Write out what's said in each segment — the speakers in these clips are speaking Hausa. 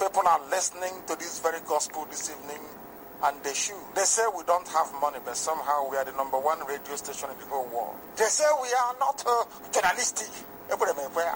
People are listening to this very gospel this evening and they should. They say we don't have money, but somehow we are the number one radio station in the whole world. They say we are not uh, journalistic. I'm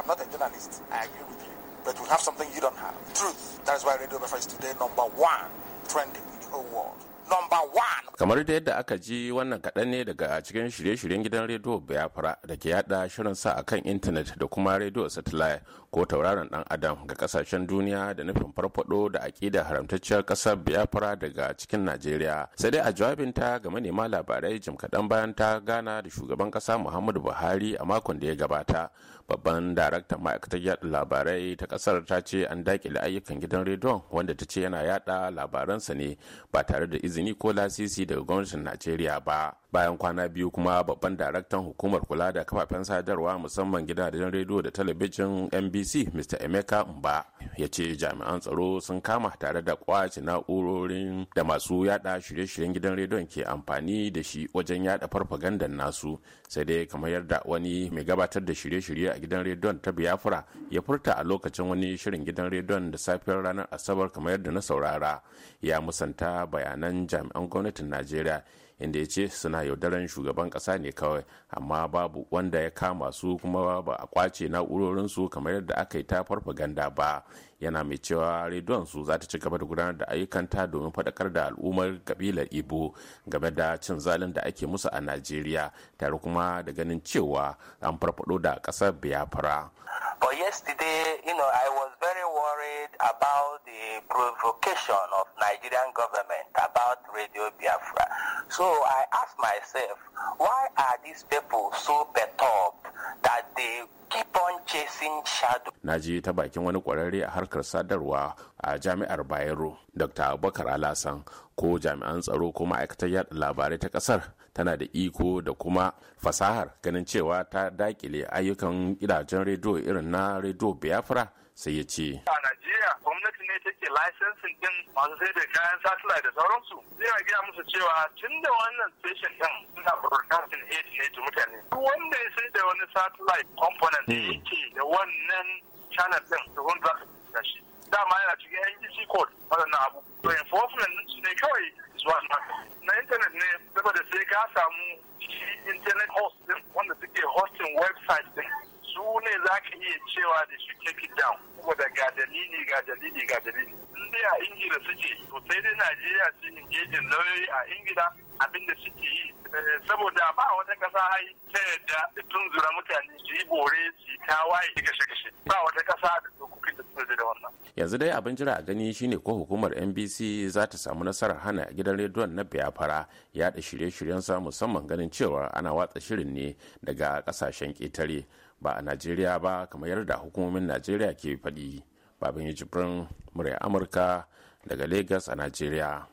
not a journalist. I agree with you. But we have something you don't have. Truth. That's why Radio Biafra is today number one trending in the whole world. Number one. Kamar da yadda aka ji wannan kaɗan ne daga cikin shirye-shiryen gidan rediyo Biafra da ke yada shirin sa akan intanet da kuma rediyo satellite ko tauraron dan adam ga kasashen duniya da nufin farfado da aƙida haramtacciyar ƙasar biafra daga cikin najeriya sai dai a jawabinta ga manema labarai jim kaɗan bayan ta gana da shugaban ƙasa muhammadu buhari a makon da ya gabata babban daraktan ma'aikatar yada labarai ta ƙasar ta ce an dakile ayyukan gidan rediyon wanda ta ce yana yada labaransa ne ba tare da izini ko lasisi daga gwamnatin najeriya ba bayan kwana biyu kuma babban daraktan hukumar kula da kafafen sadarwa musamman gidajen rediyo da talabijin nbc mr emeka mba ya ce jami'an tsaro sun kama tare da kwace na'urorin da masu yada shirye-shiryen gidan rediyon ke amfani da shi wajen yada farfagandan nasu sai dai kamar yadda wani mai gabatar da shirye-shirye a gidan rediyon ta biafra ya furta a lokacin wani shirin gidan rediyon da safiyar ranar asabar kamar yadda na saurara ya musanta bayanan jami'an gwamnatin najeriya inda ya ce suna yaudaran shugaban kasa ne kawai amma babu wanda ya kama su kuma ba a kwace na'urorinsu kamar yadda aka yi ta farfaganda ba yana mai cewa rediyon su za ta ci gaba da gudanar da ayyukanta domin faɗakar da al'ummar kabilar ibo game da cin zalin da ake musu a najeriya tare kuma da ganin cewa an farfado da ƙasar biafra but yesterday you know i was very worried about the provocation of Nigerian government about Radio Biafra. So I asked myself, why are these people so perturbed that they keep on chasing shadow. Na ji ta bakin wani kwararre a harkar sadarwa a jami'ar Bayero, Dr. Abubakar Alasan ko jami'an tsaro ko ma'aikatar yada labarai ta kasar tana da iko da kuma fasahar ganin cewa ta dakile ayyukan gidajen rediyo irin na rediyo Biafra sai ya ce. A Najeriya gwamnati ne take laisensin din masu sai da kayan satellite da sauransu. Zai a gaya musu cewa tun da wannan station din suna broadcasting aid ne to mutane. Duk wanda ya sai da wani satellite component Da yake eh. da wannan channel din da wanda za ka shi dama yana cikin NGC code waɗannan abu to enforcement su ne kawai zuwa na internet ne saboda sai ka samu shi internet host din wanda suke hosting website din su ne za ka iya cewa da shi take it down saboda ga dalili ga dalili ga dalili in dai a ingila suke to sai dai najeriya su engage lauyoyi a ingila abin da suke yi eh, saboda ba wata kasa hai ta yadda da tunzura mutane su yi bore su yi waye da kashe-kashe ba wata kasa da dokokin da suka da wannan. yanzu dai abin jira a gani shine ko hukumar nbc za ta samu nasarar hana gidan rediyon na biafra yaɗa shirye-shiryensa shiryen musamman ganin cewa ana watsa shirin ne daga kasashen ketare ba a najeriya ba kamar yadda hukumomin najeriya ke faɗi babin jibrin murya amurka daga lagos a najeriya.